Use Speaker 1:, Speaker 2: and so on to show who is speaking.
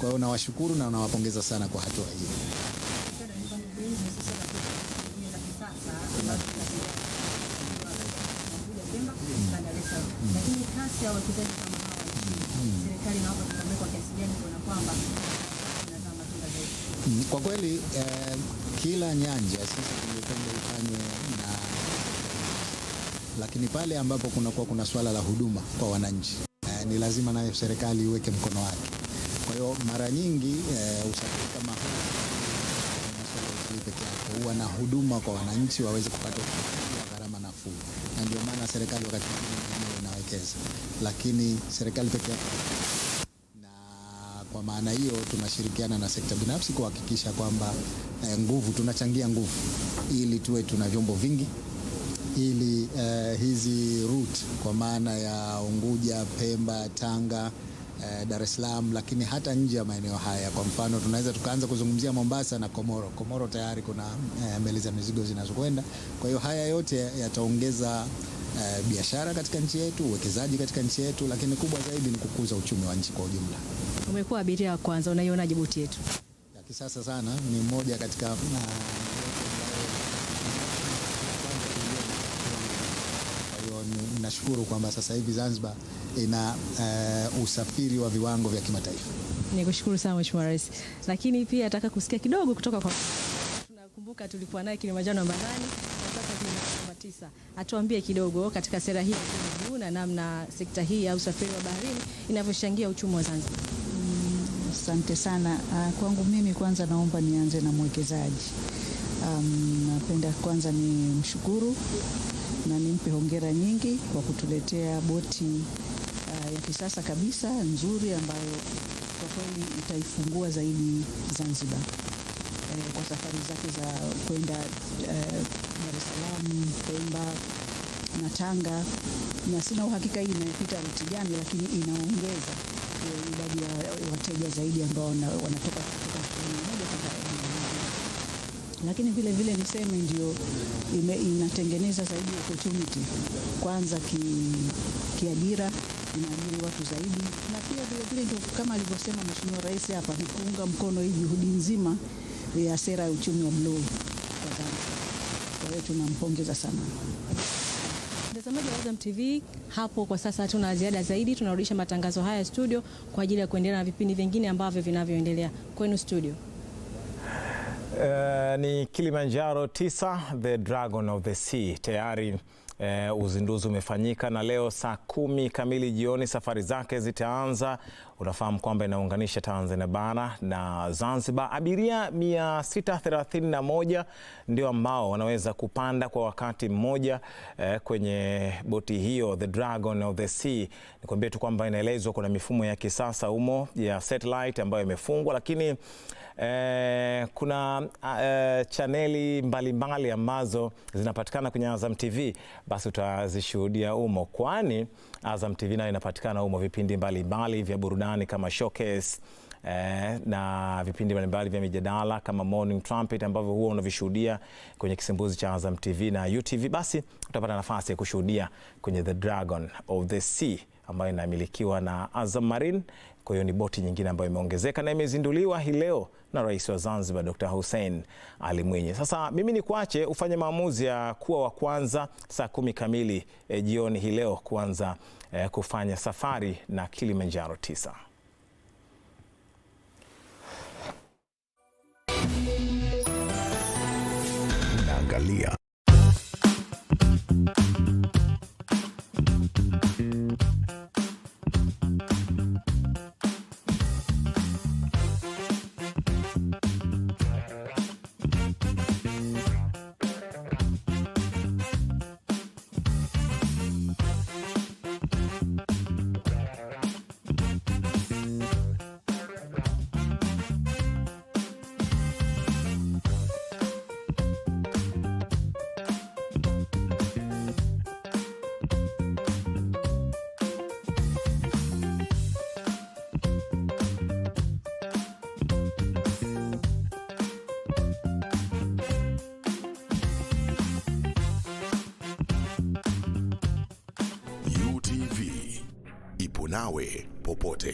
Speaker 1: Kwa hiyo nawashukuru na nawapongeza sana kwa hatua hiyo. Mm. Kwa kweli eh, kila nyanja sisi tungependa ifanye na, lakini pale ambapo kunakuwa kuna swala la huduma kwa wananchi eh, ni lazima nayo serikali iweke mkono wake. Kwa hiyo mara nyingi eh, usafiri kama huu eh, huwa na huduma kwa wananchi waweze kupata wa gharama nafuu, na ndio maana serikali wakati mwingine inawekeza, lakini serikali peke yake kwa maana hiyo tunashirikiana na sekta binafsi kuhakikisha kwamba eh, nguvu tunachangia nguvu ili tuwe tuna vyombo vingi ili eh, hizi route kwa maana ya Unguja, Pemba, Tanga eh, Dar es Salaam, lakini hata nje ya maeneo haya. Kwa mfano, tunaweza tukaanza kuzungumzia Mombasa na Komoro. Komoro tayari kuna eh, meli za mizigo zinazokwenda. Kwa hiyo haya yote yataongeza eh, biashara katika nchi yetu, uwekezaji katika nchi yetu, lakini kubwa zaidi ni kukuza uchumi wa nchi kwa ujumla.
Speaker 2: Umekuwa abiria wa kwanza, unaiona Jibuti yetu
Speaker 1: ya kisasa sana, ni mmoja katika na, ah, nashukuru kwamba sasa hivi Zanzibar ina uh, usafiri wa viwango vya kimataifa.
Speaker 2: Nikushukuru sana Mheshimiwa Rais, lakini pia nataka kusikia kidogo kutoka kwa tunakumbuka tulikuwa naye Kilimanjaro namba 8 na sasa atuambie kidogo katika sera hii na namna sekta hii ya usafiri wa baharini inavyochangia uchumi wa Zanzibar.
Speaker 3: Mm, asante mm, sana. Ah, kwangu mimi kwanza naomba nianze na mwekezaji. Um, napenda kwanza ni mshukuru na nimpe hongera nyingi kwa kutuletea boti ya kisasa kabisa nzuri ambayo kwa kweli itaifungua zaidi Zanzibar e, kwa safari zake za kwenda e, Dar es Salaam, Pemba na Tanga, na sina uhakika hii inapita ruti gani, lakini inaongeza eh, idadi ya wateja zaidi ambao wanatoka kutoka sehemu moja kwenda lakini vile vile niseme ndio inatengeneza zaidi opportunity kwanza ki, kiajira inaajiri watu zaidi, na pia vilevile ndio kama alivyosema Mheshimiwa Rais hapa ni kuunga mkono hii juhudi nzima ya sera ya uchumi wa bluu kwa Zanzibar. Kwa hiyo tunampongeza sana.
Speaker 2: Mtazamaji wa Azam TV hapo kwa sasa hatuna ziada zaidi, tunarudisha matangazo haya studio kwa ajili ya kuendelea na vipindi vingine ambavyo vinavyoendelea kwenu studio.
Speaker 4: Uh, ni Kilimanjaro 9 The Dragon of the Sea tayari E, uzinduzi umefanyika na leo saa kumi kamili jioni safari zake zitaanza. Unafahamu kwamba inaunganisha Tanzania bara na Zanzibar. Abiria 631 ndio ambao wanaweza kupanda kwa wakati mmoja eh, kwenye boti hiyo The Dragon of the Sea. Nikwambie tu kwamba inaelezwa kuna mifumo ya kisasa humo ya satellite ambayo imefungwa, lakini eh, kuna eh, chaneli mbalimbali ambazo zinapatikana kwenye Azam TV basi utazishuhudia humo kwani Azam TV nayo inapatikana umo, vipindi mbalimbali vya burudani kama showcase Eh, na vipindi mbalimbali vya mijadala kama Morning Trumpet ambavyo huwa unavishuhudia kwenye kisimbuzi cha Azam TV na UTV, basi utapata nafasi ya kushuhudia kwenye The Dragon of the Sea ambayo inamilikiwa na Azam Marine. Kwa hiyo ni boti nyingine ambayo imeongezeka na imezinduliwa hii leo na Rais wa Zanzibar Dr. Hussein Ali Mwinyi. Sasa mimi ni kuache ufanye maamuzi ya kuwa wa kwanza saa kumi kamili e, jioni hii leo kuanza e, kufanya safari na Kilimanjaro tisa. Naangalia nawe popote.